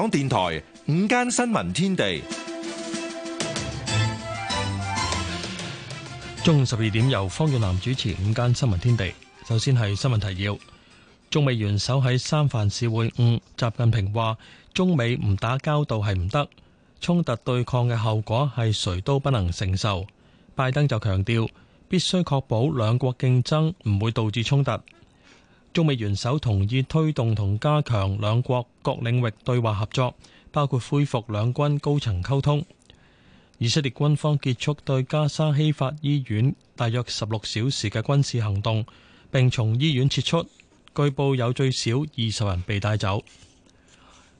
港電台午間新聞天地，中午十二點由方遠南主持午間新聞天地。首先係新聞提要：中美元首喺三藩市會晤，習近平話中美唔打交道係唔得，衝突對抗嘅後果係誰都不能承受。拜登就強調，必須確保兩國競爭唔會導致衝突。中美元首同意推動同加強兩國各領域對話合作，包括恢復兩軍高層溝通。以色列軍方結束對加沙希法醫院大約十六小時嘅軍事行動，並從醫院撤出，據報有最少二十人被帶走，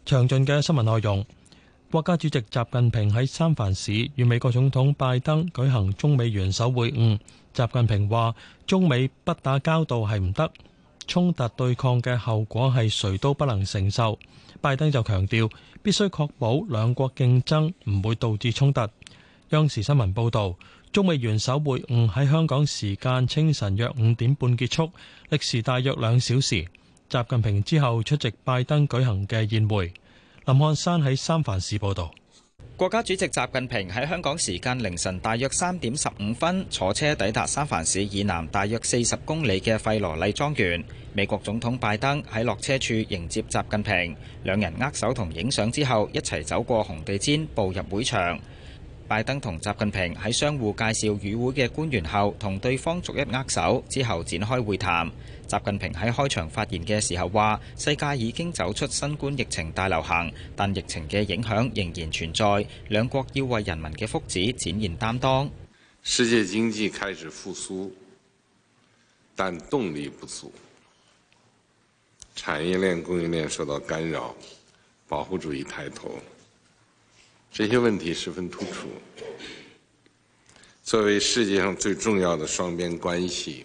詳盡嘅新聞內容。國家主席習近平喺三藩市與美國總統拜登舉行中美元首會晤。習近平話：中美不打交道係唔得。衝突對抗嘅後果係誰都不能承受。拜登就強調，必須確保兩國競爭唔會導致衝突。央視新聞報導，中美元首會晤喺香港時間清晨約五點半結束，歷時大約兩小時。習近平之後出席拜登舉行嘅宴會。林漢山喺三藩市報導。國家主席習近平喺香港時間凌晨大約三點十五分坐車抵達三藩市以南大約四十公里嘅費羅麗莊園。美國總統拜登喺落車處迎接習近平，兩人握手同影相之後，一齊走過紅地毯步入會場。拜登同習近平喺相互介紹與會嘅官員後，同對方逐一握手之後，展開會談。習近平喺開場發言嘅時候話：世界已經走出新冠疫情大流行，但疫情嘅影響仍然存在。兩國要為人民嘅福祉展現擔當。世界經濟開始復甦，但動力不足，產業鏈、供應鏈受到干擾，保護主義抬頭，這些問題十分突出。作為世界上最重要的雙邊關係。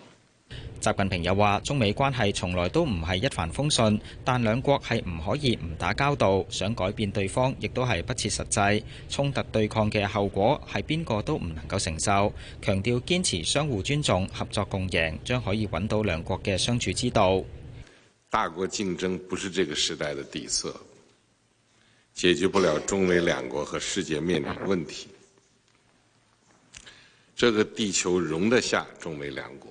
習近平又話：中美關係從來都唔係一帆風順，但兩國係唔可以唔打交道。想改變對方，亦都係不切實際。衝突對抗嘅後果係邊個都唔能夠承受。強調堅持相互尊重、合作共贏，將可以揾到兩國嘅相處之道。大國競爭不是這個時代嘅底色，解決不了中美兩國和世界面臨嘅問題。這個地球容得下中美兩國。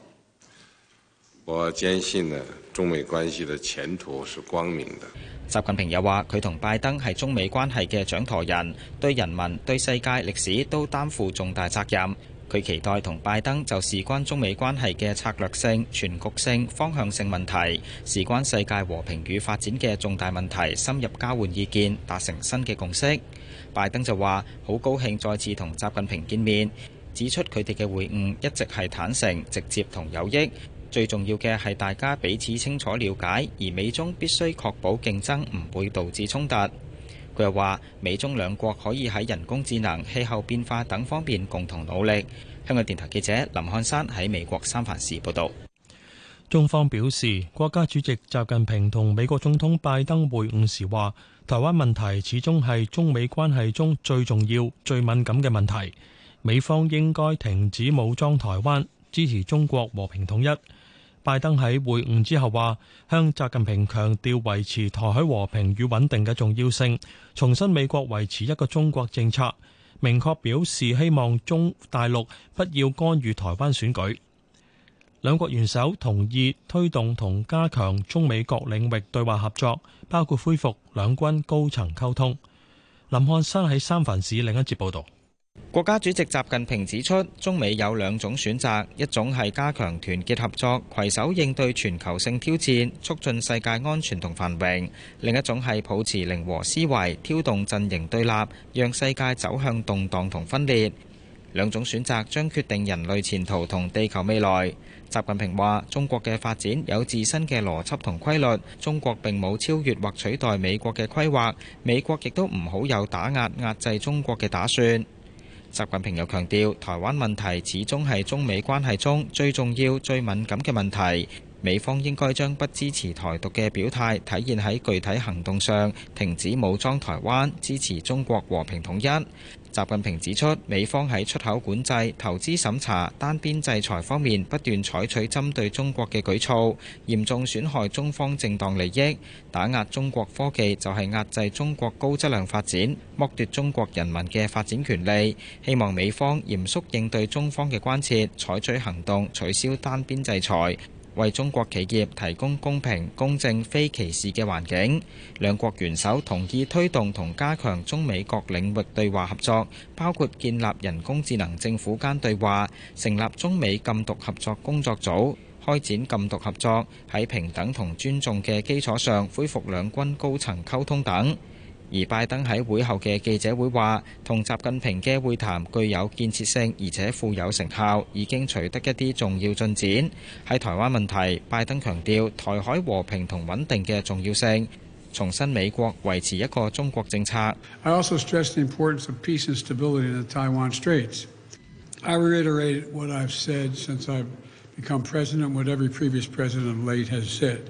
我堅信呢，中美關係嘅前途是光明的。習近平又話：佢同拜登係中美關係嘅掌舵人，對人民、對世界歷史都擔負重大責任。佢期待同拜登就事關中美關係嘅策略性、全局性、方向性問題，事關世界和平與發展嘅重大問題，深入交換意見，達成新嘅共識。拜登就話好高興再次同習近平見面，指出佢哋嘅會晤一直係坦誠、直接同有益。最重要嘅係大家彼此清楚瞭解，而美中必須確保競爭唔會導致衝突。佢又話：美中兩國可以喺人工智能、氣候變化等方面共同努力。香港電台記者林漢山喺美國三藩市報導。中方表示，國家主席習近平同美國總統拜登會晤時話：台灣問題始終係中美關係中最重要、最敏感嘅問題。美方應該停止武裝台灣，支持中國和平統一。拜登喺會晤之後話，向習近平強調維持台海和平與穩定嘅重要性，重申美國維持一個中國政策，明確表示希望中大陸不要干預台灣選舉。兩國元首同意推動同加強中美各領域對話合作，包括恢復兩軍高層溝通。林漢生喺三藩市另一節報道。國家主席習近平指出，中美有兩種選擇，一種係加強團結合作，携手應對全球性挑戰，促進世界安全同繁榮；另一種係抱持零和思維，挑動陣營對立，讓世界走向動蕩同分裂。兩種選擇將決定人類前途同地球未來。習近平話：中國嘅發展有自身嘅邏輯同規律，中國並冇超越或取代美國嘅規劃，美國亦都唔好有打壓壓制中國嘅打算。習近平又強調，台灣問題始終係中美關係中最重要、最敏感嘅問題。美方應該將不支持台獨嘅表態體現喺具體行動上，停止武裝台灣，支持中國和平統一。習近平指出，美方喺出口管制、投資審查、單邊制裁方面不斷採取針對中國嘅舉措，嚴重損害中方正當利益。打壓中國科技就係壓制中國高質量發展，剝奪中國人民嘅發展權利。希望美方嚴肅應對中方嘅關切，採取行動，取消單邊制裁。為中國企業提供公平、公正、非歧視嘅環境。兩國元首同意推動同加強中美各領域對話合作，包括建立人工智能政府間對話，成立中美禁毒合作工作組，開展禁毒合作，喺平等同尊重嘅基礎上恢復兩軍高層溝通等。而拜登喺會後嘅記者會，話，同習近平嘅會談具有建設性，而且富有成效，已經取得一啲重要進展。喺台灣問題，拜登強調台海和平同穩定嘅重要性，重申美國維持一個中國政策。I also stressed the importance of peace and stability in the Taiwan Straits. I reiterate what I've said since I've become president, what every previous president of late has said.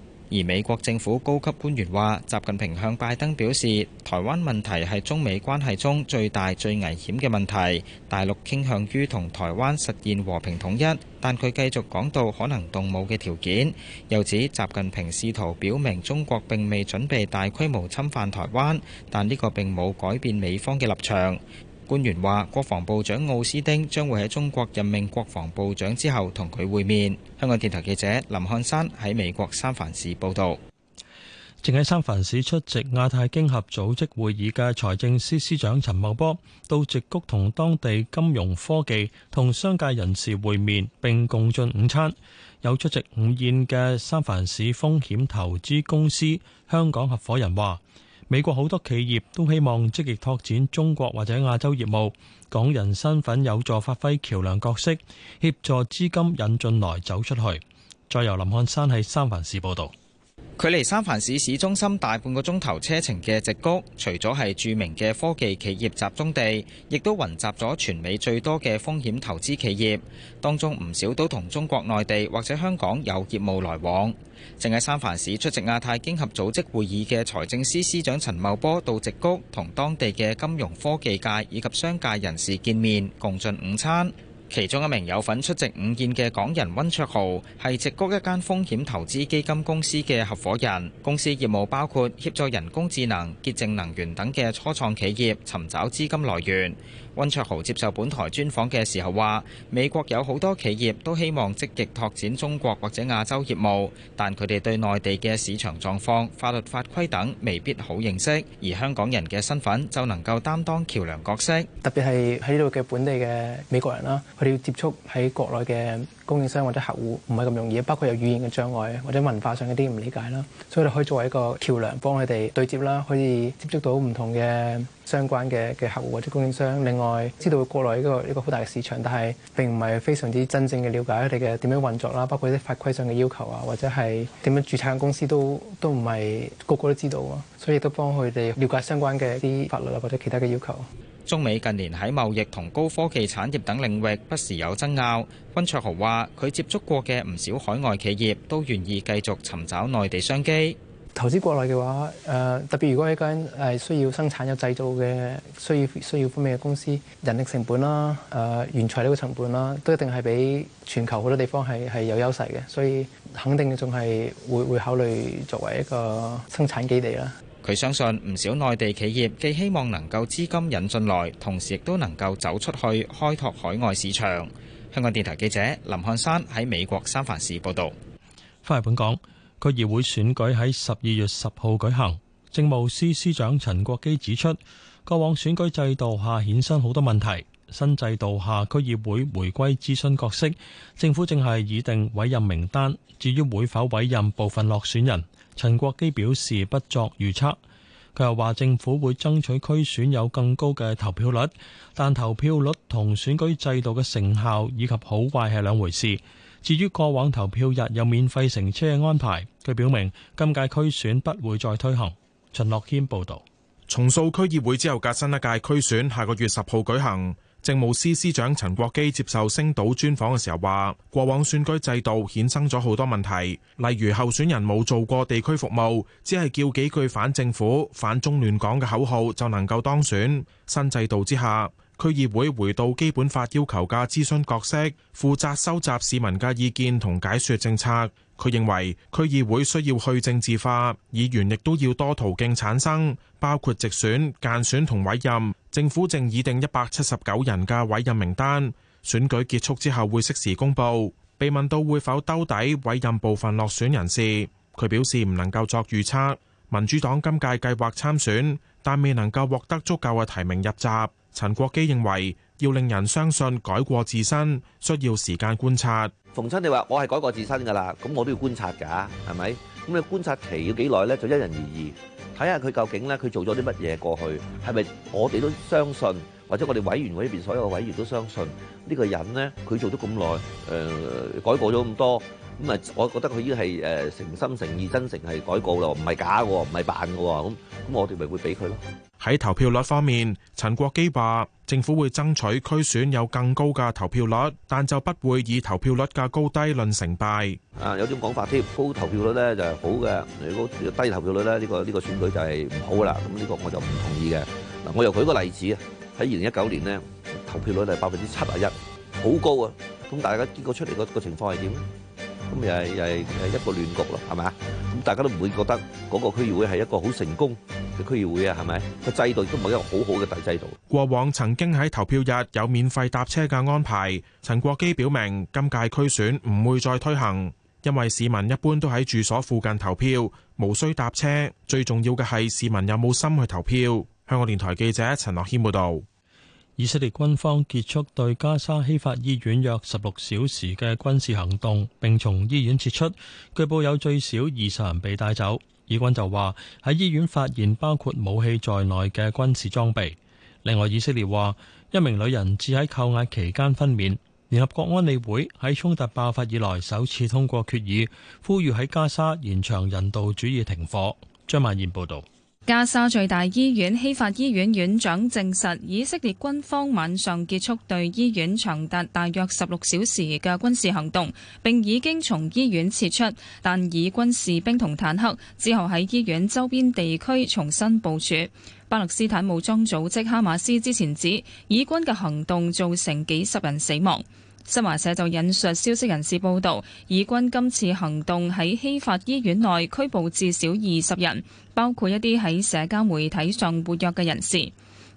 而美國政府高級官員話，習近平向拜登表示，台灣問題係中美關係中最大、最危險嘅問題。大陸傾向於同台灣實現和平統一，但佢繼續講到可能動武嘅條件。又指習近平試圖表明中國並未準備大規模侵犯台灣，但呢個並冇改變美方嘅立場。官員話，國防部長奧斯丁將會喺中國任命國防部長之後同佢會面。香港電台記者林漢山喺美國三藩市報道。正喺三藩市出席亞太經合組織會議嘅財政司司長陳茂波到矽谷同當地金融科技同商界人士會面並共進午餐。有出席午宴嘅三藩市風險投資公司香港合夥人話。美國好多企業都希望積極拓展中國或者亞洲業務，港人身份有助發揮橋梁角色，協助資金引進來走出去。再由林漢山喺三藩市報道。距離三藩市市中心大半個鐘頭車程嘅矽谷，除咗係著名嘅科技企業集中地，亦都雲集咗全美最多嘅風險投資企業，當中唔少都同中國內地或者香港有業務來往。正喺三藩市出席亞太經合組織會議嘅財政司司長陳茂波到矽谷同當地嘅金融科技界以及商界人士見面，共進午餐。其中一名有份出席午宴嘅港人温卓豪，係矽谷一間風險投資基金公司嘅合夥人。公司業務包括協助人工智能、潔淨能源等嘅初創企業尋找資金來源。温卓豪接受本台專訪嘅時候話，美國有好多企業都希望積極拓展中國或者亞洲業務，但佢哋對內地嘅市場狀況、法律法規等未必好認識，而香港人嘅身份就能夠擔當橋樑角色。特別係喺呢度嘅本地嘅美國人啦。佢哋要接觸喺國內嘅供應商或者客戶，唔係咁容易，包括有語言嘅障礙或者文化上啲唔理解啦。所以，你可以作為一個橋梁，幫佢哋對接啦，可以接觸到唔同嘅相關嘅嘅客戶或者供應商。另外，知道國內呢個一個好大嘅市場，但係並唔係非常之真正嘅了解佢哋嘅點樣運作啦，包括啲法規上嘅要求啊，或者係點樣註冊公司都都唔係個個都知道啊。所以，都幫佢哋了解相關嘅一啲法律啊，或者其他嘅要求。中美近年喺貿易同高科技產業等領域不時有爭拗，溫卓豪話，佢接觸過嘅唔少海外企業都願意繼續尋找內地商機。投資國內嘅話，誒、呃、特別如果一間誒需要生產有製造嘅需要需要方面嘅公司，人力成本啦、誒、呃、原材料嘅成本啦，都一定係比全球好多地方係係有優勢嘅，所以肯定仲係會會考慮作為一個生產基地啦。佢相信唔少內地企業既希望能夠資金引進來，同時亦都能夠走出去開拓海外市場。香港電台記者林漢山喺美國三藩市報道。翻嚟本港，區議會選舉喺十二月十號舉行。政務司司長陳國基指出，過往選舉制度下衍生好多問題，新制度下區議會回歸諮詢角色，政府正係擬定委任名單，至於會否委任部分落選人？陳國基表示不作預測，佢又話政府會爭取區選有更高嘅投票率，但投票率同選舉制度嘅成效以及好壞係兩回事。至於過往投票日有免費乘車嘅安排，佢表明今屆區選不會再推行。陳樂謙報道，重塑區議會之後嘅新一屆區選下個月十號舉行。政務司司長陳國基接受星島專訪嘅時候話，過往選舉制度衍生咗好多問題，例如候選人冇做過地區服務，只係叫幾句反政府、反中亂港嘅口號就能夠當選。新制度之下，區議會回到基本法要求嘅諮詢角色，負責收集市民嘅意見同解說政策。佢認為區議會需要去政治化，議員亦都要多途徑產生，包括直選、間選同委任。政府正擬定一百七十九人嘅委任名單，選舉結束之後會適時公佈。被問到會否兜底委任部分落選人士，佢表示唔能夠作預測。民主黨今屆計劃參選，但未能夠獲得足夠嘅提名入閘。陳國基認為。要令人相信改過自身需要時間觀察。逢親你話我係改過自身噶啦，咁我都要觀察噶，係咪？咁你觀察期要幾耐咧？就因人而異。睇下佢究竟咧，佢做咗啲乜嘢過去，係咪我哋都相信，或者我哋委員會嗰邊所有委員都相信呢個人咧，佢做咗咁耐，誒，改過咗咁多，咁啊，我覺得佢已經係誒誠心誠意、真誠係改過啦，唔係假噶，唔係扮噶，咁咁我哋咪會俾佢咯。喺投票率方面，陳國基話。政府會爭取區選有更高嘅投票率，但就不會以投票率嘅高低論成敗。啊，有種講法添，高投票率咧就係好嘅；如果低投票率咧，呢個呢個選舉就係唔好啦。咁呢個我就唔同意嘅。嗱，我又舉個例子啊，喺二零一九年咧，投票率係百分之七十一，好高啊。咁大家結果出嚟個個情況係點咧？今日又係一個亂局咯，係咪啊？咁大家都唔會覺得嗰個區議會係一個好成功嘅區議會啊，係咪？個制度都唔係一個好好嘅大制度。過往曾經喺投票日有免費搭車嘅安排，陳國基表明今屆區選唔會再推行，因為市民一般都喺住所附近投票，無需搭車。最重要嘅係市民有冇心去投票。香港電台記者陳樂軒報導。以色列軍方結束對加沙希法醫院約十六小時嘅軍事行動，並從醫院撤出，據報有最少二十人被帶走。以軍就話喺醫院發現包括武器在內嘅軍事裝備。另外，以色列話一名女人至喺扣押期間分娩。聯合國安理會喺衝突爆發以來首次通過決議，呼籲喺加沙延長人道主義停火。張曼燕報道。加沙最大醫院希法醫院院長證實，以色列軍方晚上結束對醫院長達大約十六小時嘅軍事行動，並已經從醫院撤出，但以軍士兵同坦克之後喺醫院周邊地區重新部署。巴勒斯坦武裝組織哈馬斯之前指，以軍嘅行動造成幾十人死亡。新華社就引述消息人士報道，以軍今次行動喺希法醫院內拘捕至少二十人，包括一啲喺社交媒體上活躍嘅人士。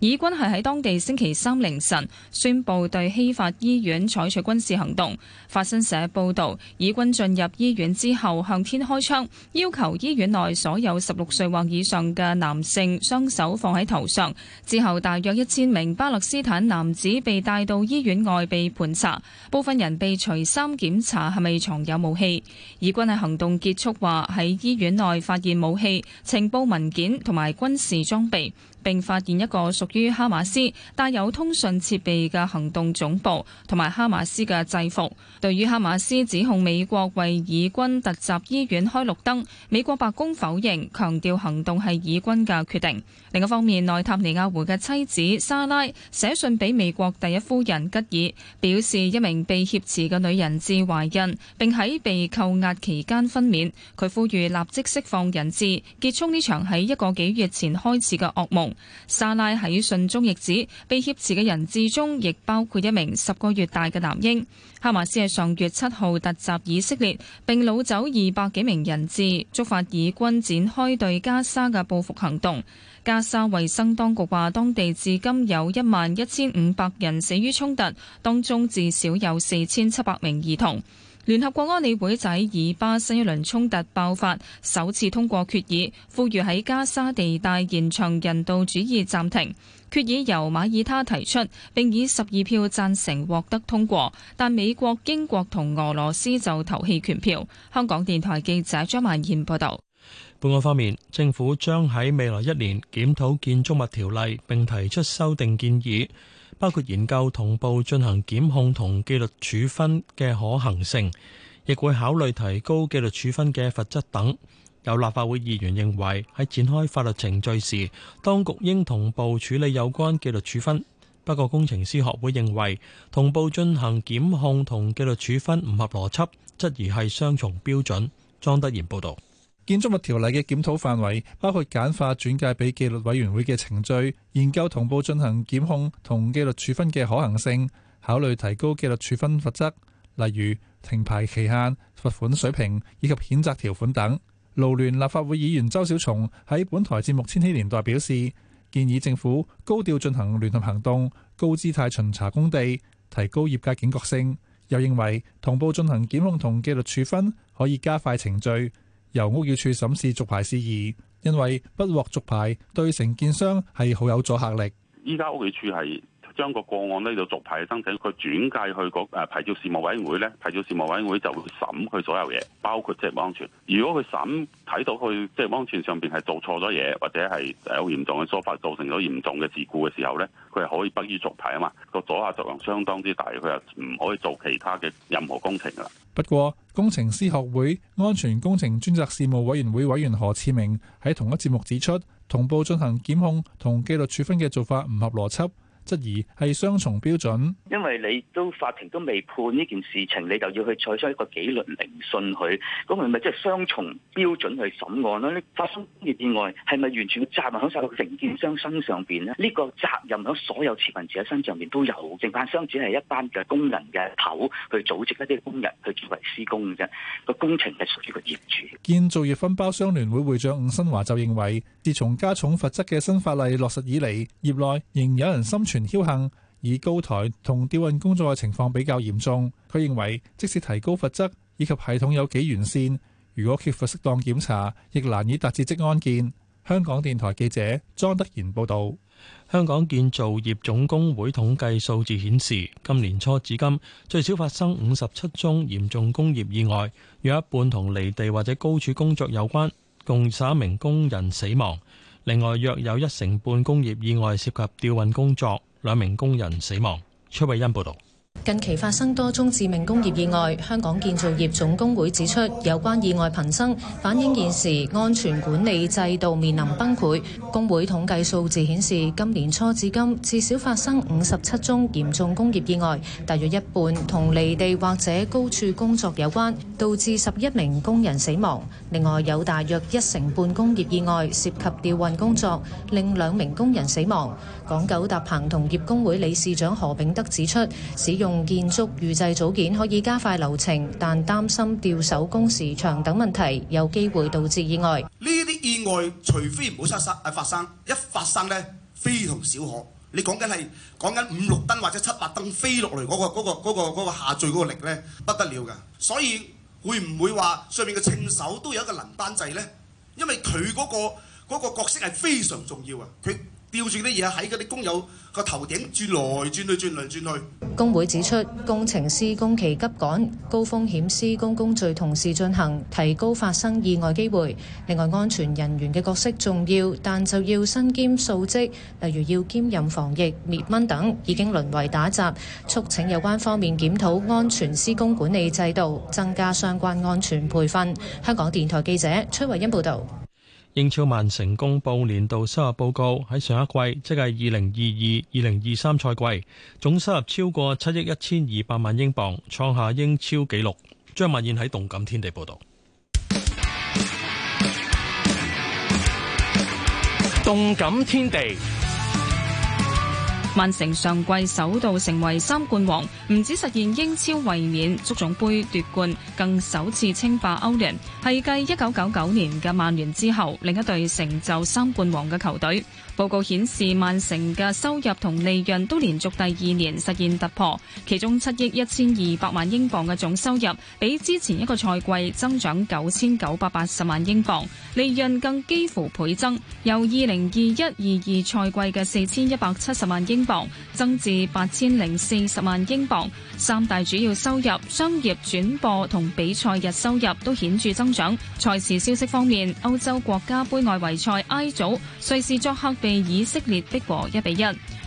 以軍係喺當地星期三凌晨宣布對希法醫院採取軍事行動。法新社報導，以軍進入醫院之後向天開槍，要求醫院內所有十六歲或以上嘅男性雙手放喺頭上。之後，大約一千名巴勒斯坦男子被帶到醫院外被盤查，部分人被除衫檢查係咪藏有武器。以軍喺行動結束話喺醫院內發現武器、情報文件同埋軍事裝備，並發現一個屬於哈馬斯帶有通訊設備嘅行動總部同埋哈馬斯嘅制服。對於哈馬斯指控美國為以軍突襲醫院開綠燈，美國白宮否認，強調行動係以軍嘅決定。另一方面，內塔尼亞胡嘅妻子莎拉寫信俾美國第一夫人吉爾，表示一名被挾持嘅女人質懷孕，並喺被扣押期間分娩。佢呼籲立即釋放人質，結束呢場喺一個幾月前開始嘅噩夢。莎拉喺信中亦指，被挾持嘅人質中，亦包括一名十個月大嘅男嬰，哈馬斯係上月七號突襲以色列，並擄走二百幾名人質，觸發以軍展開對加沙嘅報復行動，加沙衛生當局話當地至今有一萬一千五百人死於衝突，當中至少有四千七百名兒童。聯合國安理會在以巴新一輪衝突爆發，首次通過決議，呼籲喺加沙地帶延長人道主義暫停。決議由馬耳他提出，並以十二票贊成獲得通過，但美國、英國同俄羅斯就投棄權票。香港電台記者張曼燕報導。本港方面，政府將喺未來一年檢討建築物條例並提出修訂建議。包括研究同步進行檢控同紀律處分嘅可行性，亦會考慮提高紀律處分嘅罰則等。有立法會議員認為喺展開法律程序時，當局應同步處理有關紀律處分。不過工程師學會認為同步進行檢控同紀律處分唔合邏輯，質疑係雙重標準，莊德賢報道。建築物條例嘅檢討範圍包括簡化轉介俾紀律委員會嘅程序，研究同步進行檢控同紀律處分嘅可行性，考慮提高紀律處分罰則，例如停牌期限、罰款水平以及譴責條款等。勞聯立法會議員周小松喺本台節目《千禧年代》表示，建議政府高調進行聯合行動，高姿態巡查工地，提高業界警覺性。又認為同步進行檢控同紀律處分可以加快程序。由屋宇署審視續牌事宜，因為不獲續牌對承建商係好有阻嚇力。依家屋宇署係。將個個案呢度續牌去申請，佢轉介去嗰、誒牌照事務委員會呢，牌照事務委員會就會審佢所有嘢，包括即係安全。如果佢審睇到佢即係安全上邊係做錯咗嘢，或者係有嚴重嘅疏法，造成咗嚴重嘅事故嘅時候呢，佢係可以不予續牌啊嘛。個阻嚇作用相當之大，佢又唔可以做其他嘅任何工程啦。不過，工程師學會安全工程專責事務委員會委員何志明喺同一節目指出，同步進行檢控同紀律處分嘅做法唔合邏輯。質疑係雙重標準，因為你都法庭都未判呢件事情，你就要去採取一個紀律聆訊佢，咁係咪即係雙重標準去審案囉。你發生工業意外係咪完全責任響曬個承建商身上邊咧？呢、呢個責任響所有持份者身上邊都有，承建商只係一班嘅工人嘅頭去組織一啲工人去作為施工嘅啫，個工程係屬於個業主。建造業分包商聯會會長伍新華就認為，自從加重罰則嘅新法例落實以嚟，業內仍有人心存全僥倖，以高台同吊運工作嘅情況比較嚴重。佢認為即使提高罰則以及系統有幾完善，如果缺乏適當檢查，亦難以達至職安健。香港電台記者莊德賢報道。香港建造業總工會統計數字顯示，今年初至今最少發生五十七宗嚴重工業意外，約一半同離地或者高處工作有關，共十一名工人死亡。另外，約有一成半工業意外涉及吊運工作，兩名工人死亡。崔慧欣報導。近期發生多宗致命工業意外，香港建造業總工會指出有關意外頻生，反映現時安全管理制度面臨崩潰。工會統計數字顯示，今年初至今至少發生57宗嚴重工業意外，大約一半同離地或者高處工作有關，導致十一名工人死亡。另外有大約一成半工業意外涉及吊運工作，令兩名工人死亡。港九搭棚同業工會理事長何炳德指出，使用建築預製組件可以加快流程，但擔心吊手工時長等問題，有機會導致意外。呢啲意外除非唔好出生啊發生，一發生呢，非同小可。你講緊係講緊五六噸或者七八噸飛落嚟嗰個嗰個嗰個嗰個下墜嗰個力呢，不得了噶。所以會唔會話上面嘅稱手都有一個輪班制呢？因為佢嗰個嗰個角色係非常重要啊，佢。吊住啲嘢喺嗰啲工友個頭頂轉來轉去轉來轉去。轉工會指出，工程施工期急趕，高風險施工工序同時進行，提高發生意外機會，另外，安全人員嘅角色重要，但就要身兼數職，例如要兼任防疫、滅蚊等，已經淪為打雜，促請有關方面檢討安全施工管理制度，增加相關安全培訓。香港電台記者崔慧欣報道。英超曼城公布年度收入報告，喺上一季即係二零二二二零二三賽季，總收入超過七億一千二百萬英鎊，創下英超紀錄。張文燕喺動感天地報道。動感天地。曼城上季首度成為三冠王，唔止實現英超衛冕、足總盃奪冠，更首次稱霸歐聯，係繼一九九九年嘅曼聯之後，另一隊成就三冠王嘅球隊。報告顯示，曼城嘅收入同利潤都連續第二年實現突破，其中七億一千二百萬英鎊嘅總收入，比之前一個賽季增長九千九百八十萬英鎊，利潤更幾乎倍增，由二零二一二二賽季嘅四千一百七十萬英鎊磅增至八千零四十萬英鎊，三大主要收入、商業轉播同比賽日收入都顯著增長。賽事消息方面，歐洲國家杯外圍賽 I 組，瑞士作客被以色列逼和一比一。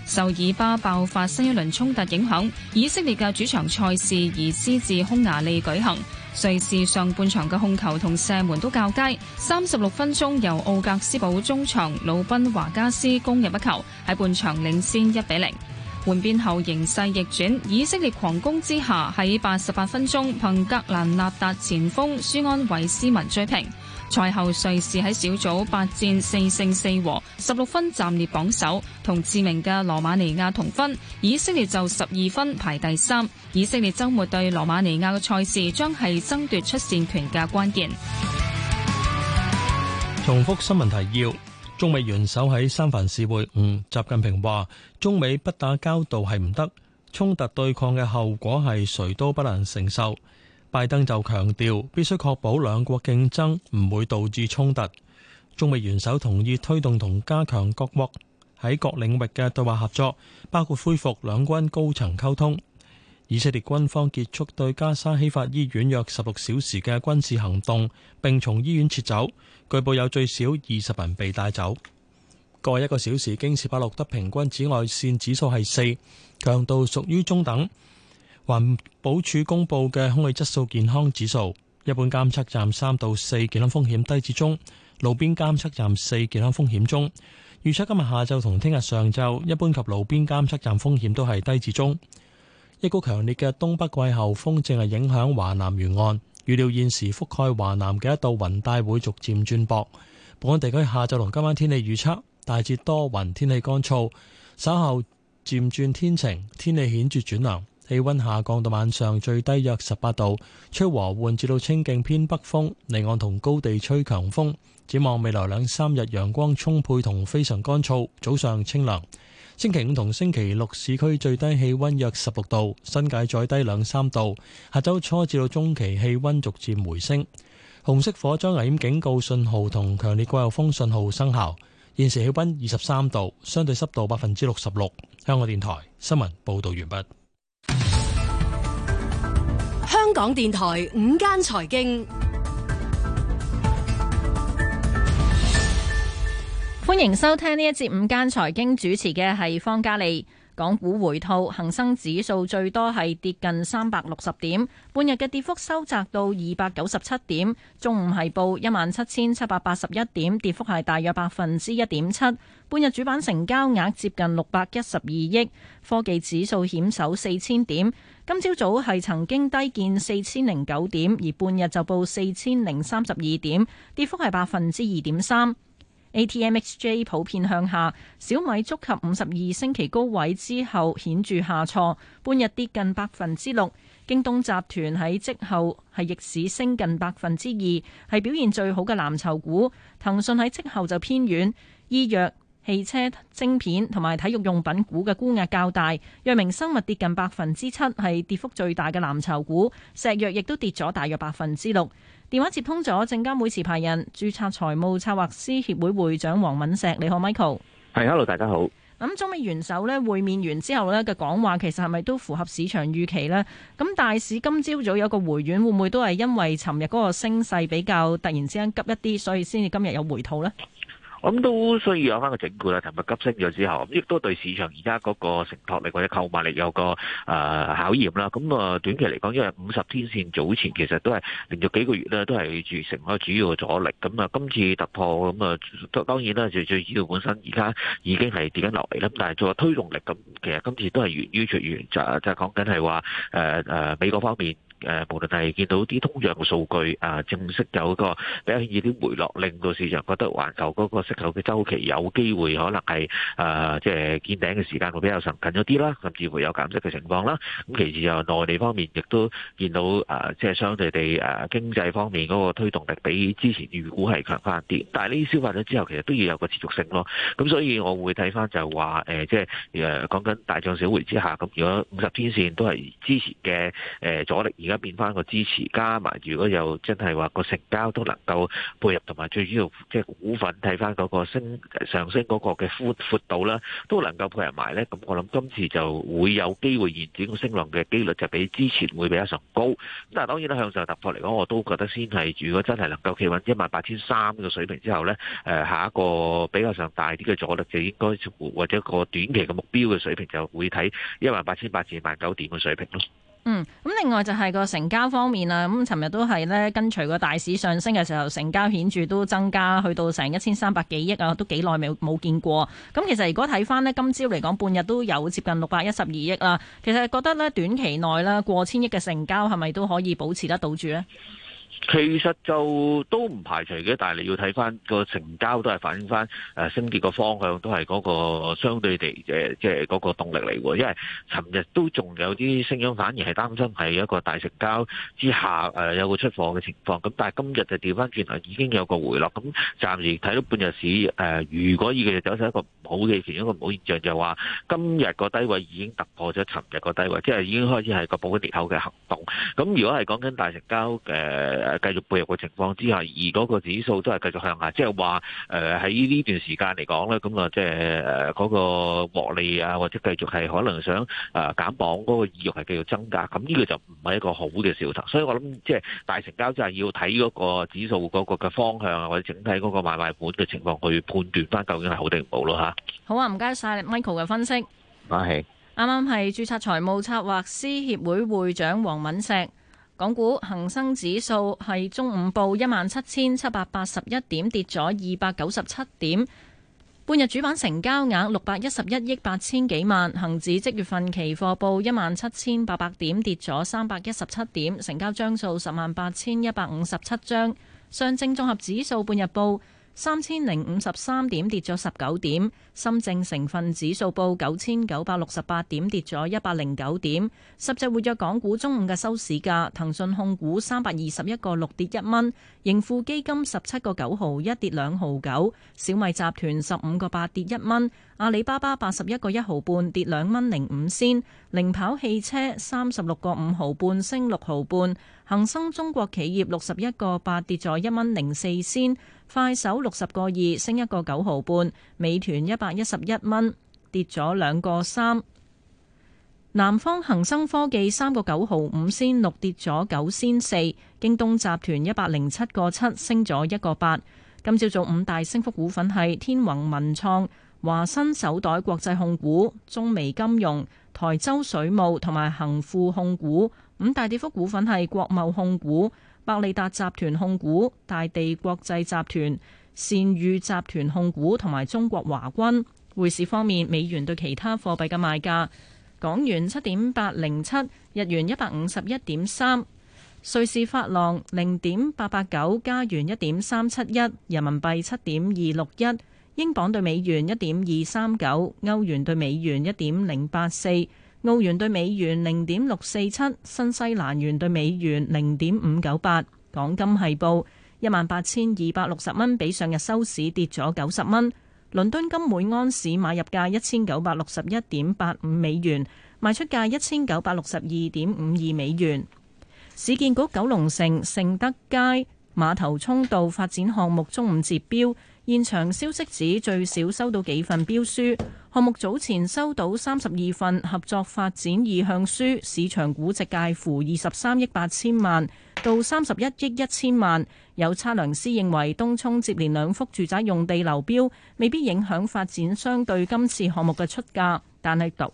受以巴爆發新一輪衝突影響，以色列嘅主場賽事移師至匈牙利舉行。瑞士上半場嘅控球同射門都較佳，三十六分鐘由奧格斯堡中場魯賓華加斯攻入一球，喺半場領先一比零。換邊後形勢逆轉，以色列狂攻之下喺八十八分鐘憑格蘭納達前鋒舒安維斯文追平。賽後，瑞士喺小組八戰四勝四和，十六分暫列榜首，同知名嘅羅馬尼亞同分。以色列就十二分排第三。以色列周末對羅馬尼亞嘅賽事將係爭奪出線權嘅關鍵。重複新聞提要：中美元首喺三藩市會晤，習近平話中美不打交道係唔得，衝突對抗嘅後果係誰都不能承受。拜登就強調，必須確保兩國競爭唔會導致衝突。中美元首同意推動同加強各國喺各領域嘅對話合作，包括恢復兩軍高層溝通。以色列軍方結束對加沙希法醫院約十六小時嘅軍事行動，並從醫院撤走，據報有最少二十人被帶走。過去一個小時，京士柏錄得平均紫外線指數係四，強度屬於中等。環保署公布嘅空氣質素健康指數，一般監測站三到四健康風險低至中，路邊監測站四健康風險中。預測今日下晝同聽日上晝，一般及路邊監測站風險都係低至中。一股強烈嘅東北季候風正係影響華南沿岸，預料現時覆蓋華南嘅一道雲帶會逐漸轉薄。本港地區下晝同今晚天氣預測，大致多雲，天氣乾燥，稍後漸轉天晴，天氣顯著轉涼。氣溫下降到晚上最低約十八度，吹和緩至到清勁偏北風，離岸同高地吹強風。展望未來兩三日，陽光充沛同非常乾燥，早上清涼。星期五同星期六市區最低氣溫約十六度，新界再低兩三度。下周初至到中期氣溫逐漸回升。紅色火災危險警告信號同強烈季候風信號生效。現時氣溫二十三度，相對濕度百分之六十六。香港電台新聞報道完畢。香港電台午間財經，歡迎收聽呢一節午間財經，主持嘅係方嘉利。港股回吐，恒生指數最多係跌近三百六十點，半日嘅跌幅收窄到二百九十七點。中午係報一萬七千七百八十一點，跌幅係大約百分之一點七。半日主板成交額接近六百一十二億，科技指數險守四千點。今朝早係曾經低見四千零九點，而半日就報四千零三十二點，跌幅係百分之二點三。ATMXJ 普遍向下，小米觸及五十二星期高位之後顯著下挫，半日跌近百分之六。京東集團喺績後係逆市升近百分之二，係表現最好嘅藍籌股。騰訊喺績後就偏軟，醫藥、汽車晶片、同埋體育用品股嘅沽壓較大，藥明生物跌近百分之七，係跌幅最大嘅藍籌股，石藥亦都跌咗大約百分之六。電話接通咗證監會持牌人、註冊財務策劃師協會會長黃敏石，你好，Michael。係，Hello，大家好。咁中美元首咧，會面完之後咧嘅講話，其實係咪都符合市場預期呢？咁大市今朝早有個回軟，會唔會都係因為尋日嗰個升勢比較突然之間急一啲，所以先至今日有回吐呢？咁都需要有翻個整固啦，琴日急升咗之後，咁亦都對市場而家嗰個承托力或者購買力有個誒、呃、考驗啦。咁啊，短期嚟講，因為五十天線早前其實都係連續幾個月咧都係住成一個主要嘅阻力。咁啊今次突破，咁啊當然啦，就最主要本身而家已經係跌緊落嚟啦。但係作為推動力，咁其實今次都係源於出源就就講緊係話誒誒美國方面。誒，無論係見到啲通脹嘅數據，啊，正式有一個比較熱啲回落，令到市場覺得環球嗰個息口嘅週期有機會可能係誒，即係見頂嘅時間會比較近近咗啲啦，甚至乎有減息嘅情況啦。咁，其次就內地方面亦都見到誒，即係相對地誒，經濟方面嗰個推動力比之前預估係強翻啲。但係呢啲消化咗之後，其實都要有個持續性咯。咁所以我會睇翻就話，誒，即係誒，講緊大漲小回之下，咁如果五十天線都係之前嘅誒阻力。而家變翻個支持加埋，如果有真係話個成交都能夠配合，同埋最主要即係股份睇翻嗰個升上升嗰個嘅寬闊度啦，都能夠配合埋呢。咁我諗今次就會有機會延展個升浪嘅機率，就比之前會比較上高。但係當然啦，向上突破嚟講，我都覺得先係如果真係能夠企穩一萬八千三個水平之後呢，誒下一個比較上大啲嘅阻力就應該或者一個短期嘅目標嘅水平就會睇一萬八千八至萬九點嘅水平咯。嗯，咁另外就係個成交方面啦，咁尋日都係咧，跟隨個大市上升嘅時候，成交顯著都增加，去到成一千三百幾億啊，都幾耐未冇見過。咁其實如果睇返呢，今朝嚟講，半日都有接近六百一十二億啦。其實覺得咧，短期內啦，過千億嘅成交係咪都可以保持得到住呢？其實就都唔排除嘅，但係你要睇翻個成交都係反映翻誒升跌個方向，都係嗰個相對地誒即係嗰個動力嚟喎。因為尋日都仲有啲聲音，反而係擔心係一個大成交之下誒、呃、有個出貨嘅情況。咁但係今日就掉翻轉頭已經有個回落。咁暫時睇到半日市誒、呃，如果以佢哋走勢一個唔好嘅其中一個唔好現象就，就係話今日個低位已經突破咗尋日個低位，即、就、係、是、已經開始係個保底口嘅行動。咁如果係講緊大成交嘅。呃繼續步入嘅情況之下，而嗰個指數都係繼續向下，即係話誒喺呢段時間嚟講咧，咁啊、就是，即係嗰個獲利啊，或者繼續係可能想誒減磅嗰個意欲係繼續增加，咁呢個就唔係一個好嘅兆頭。所以我諗即係大成交真係要睇嗰個指數嗰個嘅方向，或者整體嗰個買賣盤嘅情況去判斷翻究竟係好定唔好咯吓，好啊，唔該晒 Michael 嘅分析。唔該的，係啱啱係註冊財務策劃師協會會長黃敏石。港股恒生指數係中午報一萬七千七百八十一點，跌咗二百九十七點。半日主板成交額六百一十一億八千幾萬。恒指即月份期貨報一萬七千八百點，跌咗三百一十七點，成交張數十萬八千一百五十七張。上證綜合指數半日報。三千零五十三點，跌咗十九點，深證成分指數報九千九百六十八點，跌咗一百零九點。十隻活躍港股中午嘅收市價，騰訊控股三百二十一個六，跌一蚊，盈富基金十七個九毫一，跌兩毫九，小米集團十五個八，跌一蚊，阿里巴巴八十一個一毫半，跌兩蚊零五仙，零跑汽車三十六個五毫半，升六毫半，恒生中國企業六十一個八，跌咗一蚊零四仙。快手六十個二，升一個九毫半；美團一百一十一蚊，跌咗兩個三。南方恒生科技三個九毫五，仙六跌咗九仙四。京東集團一百零七個七，升咗一個八。今朝早五大升幅股份係天宏文、文創、華新手袋國際控股、中微金融、台州水務同埋恒富控股。五大跌幅股份係國貿控股、百利達集團控股、大地國際集團、善譽集團控股同埋中國華軍。匯市方面，美元對其他貨幣嘅賣價：港元七點八零七，日元一百五十一點三，瑞士法郎零點八八九，加元一點三七一，人民幣七點二六一，英鎊對美元一點二三九，歐元對美元一點零八四。澳元兌美元零點六四七，新西蘭元兌美元零點五九八，港金係報一萬八千二百六十蚊，比上日收市跌咗九十蚊。倫敦金每安士買入價一千九百六十一點八五美元，賣出價一千九百六十二點五二美元。市建局九龍城盛德街馬頭涌道發展項目中午截標。現場消息指最少收到幾份標書，項目早前收到三十二份合作發展意向書，市場估值介乎二十三億八千萬到三十一億一千萬。有測量師認為，東涌接連兩幅住宅用地流標，未必影響發展商對今次項目嘅出價。但係讀，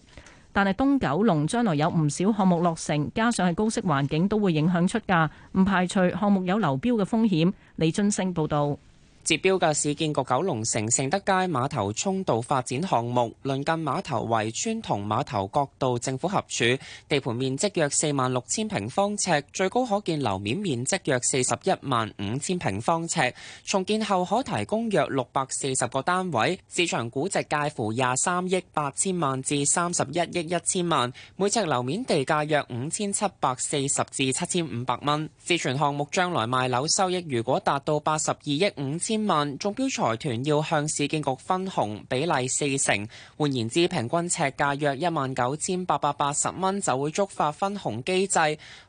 但係東九龍將來有唔少項目落成，加上係高息環境，都會影響出價，唔排除項目有流標嘅風險。李津升報導。截標嘅市建局九龍城盛德街馬頭涌道發展項目，鄰近馬頭圍村同馬頭角道政府合署，地盤面積約四萬六千平方尺，最高可建樓面面積約四十一萬五千平方尺，重建後可提供約六百四十個單位，市場估值介乎廿三億八千萬至三十一億一千萬，每尺樓面地價約五千七百四十至七千五百蚊。自存項目將來賣樓收益如果達到八十二億五千千萬中標財團要向市建局分紅，比例四成，換言之，平均尺價約一萬九千八百八十蚊就會觸發分紅機制。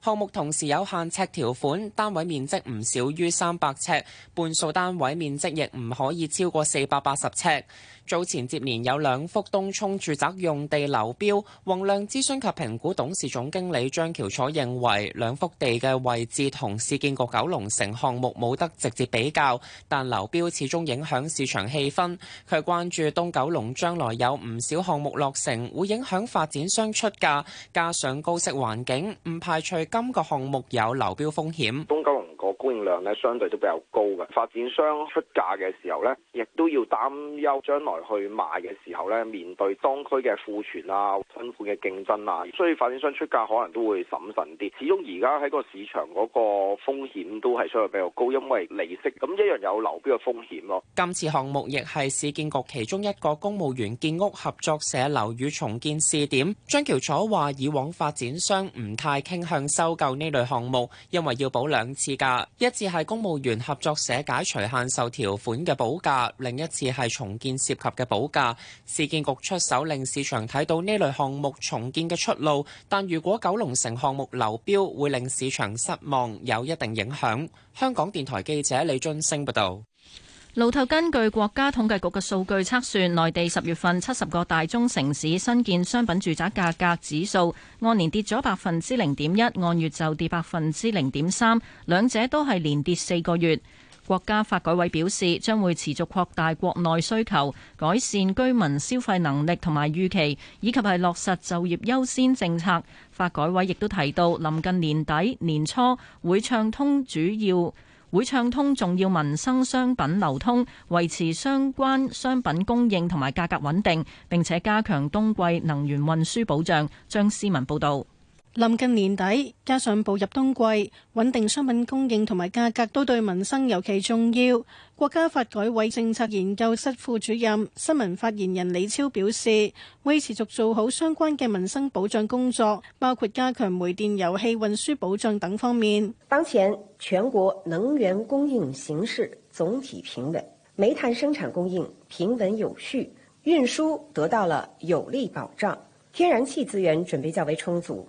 項目同時有限尺條款，單位面積唔少於三百尺，半數單位面積亦唔可以超過四百八十尺。早前接連有兩幅東涌住宅用地流標，宏亮諮詢及評估董事總經理張喬楚認為兩幅地嘅位置同市建局九龍城項目冇得直接比較，但流標始終影響市場氣氛。佢關注東九龍將來有唔少項目落成，會影響發展商出價，加上高息環境，唔排除今個項目有流標風險。供應量咧，相對都比較高嘅，發展商出價嘅時候呢，亦都要擔憂將來去賣嘅時候呢，面對當區嘅庫存啊、新盤嘅競爭啊，所以發展商出價可能都會審慎啲。始終而家喺個市場嗰個風險都係相對比較高，因為利息咁一樣有流標嘅風險咯。今次項目亦係市建局其中一個公務員建屋合作社樓宇重建試點。張翹楚話，以往發展商唔太傾向收購呢類項目，因為要補兩次價。一次係公務員合作社解除限售條款嘅補價，另一次係重建涉及嘅補價。市建局出手令市場睇到呢類項目重建嘅出路，但如果九龍城項目流標，會令市場失望，有一定影響。香港電台記者李俊升報道。路透根據國家統計局嘅數據測算，內地十月份七十個大中城市新建商品住宅價格指數按年跌咗百分之零點一，按月就跌百分之零點三，兩者都係連跌四個月。國家發改委表示，將會持續擴大國內需求，改善居民消費能力同埋預期，以及係落實就業優先政策。發改委亦都提到，臨近年底年初會暢通主要。會暢通重要民生商品流通，維持相關商品供應同埋價格穩定，並且加強冬季能源運輸保障。張思文報道。臨近年底，加上步入冬季，穩定商品供應同埋價格都對民生尤其重要。國家發改委政策研究室副主任、新聞發言人李超表示，會持續做好相關嘅民生保障工作，包括加強煤電油氣運輸保障等方面。當前全國能源供應形勢總體平穩，煤炭生產供應平穩有序，運輸得到了有力保障，天然氣資源準備較為充足。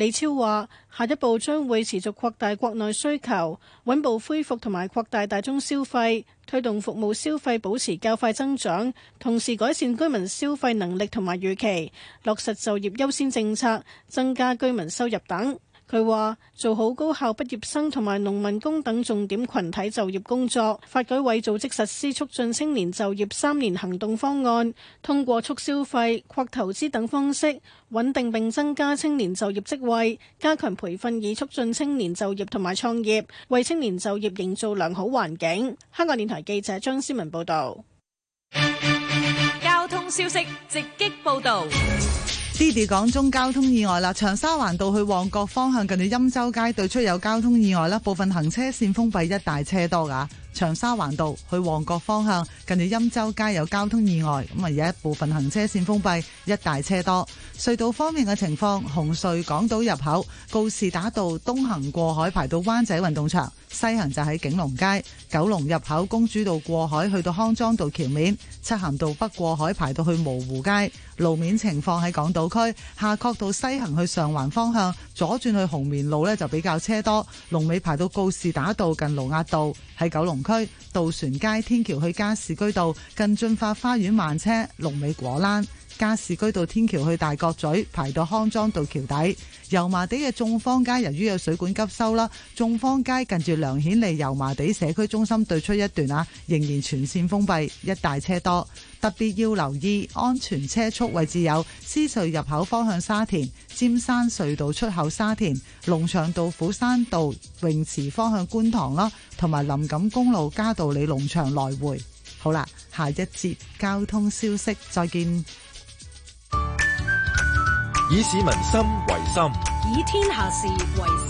李超話：下一步將會持續擴大國內需求，穩步恢復同埋擴大大宗消費，推動服務消費保持較快增長，同時改善居民消費能力同埋預期，落實就業優先政策，增加居民收入等。佢話：做好高校畢業生同埋農民工等重點群體就業工作，發改委組織實施促進青年就業三年行動方案，通過促消費、擴投資等方式，穩定並增加青年就業職位，加強培訓以促進青年就業同埋創業，為青年就業營造良好環境。香港電台記者張思文報導。交通消息直擊報導。d i d 講中交通意外啦，長沙灣道去旺角方向近住欽州街對出有交通意外啦，部分行車綫封閉，一大車多啊！長沙灣道去旺角方向近住欽州街有交通意外，咁啊有一部分行車綫封閉，一大車多。隧道方面嘅情況，紅隧港島入口告士打道東行過海排到灣仔運動場，西行就喺景隆街；九龍入口公主道過海去到康莊道橋面，漆咸道北過海排到去蕪湖街。路面情況喺港島區下角道西行去上環方向左轉去紅棉路呢就比較車多，龍尾排到告士打道近盧押道；喺九龍區渡船街天橋去加士居道近俊發花園慢車龍尾果欄。加士居道天橋去大角咀，排到康莊道橋底；油麻地嘅眾坊街，由於有水管急修啦，眾坊街近住梁顯利油麻地社區中心對出一段啊，仍然全線封閉，一大車多。特別要留意安全車速位置有獅隧入口方向沙田、尖山隧道出口沙田、龍翔道斧山道泳池方向觀塘啦，同埋林錦公路嘉道理農場來回。好啦，下一節交通消息再見。以市民心為心，以天下事為心。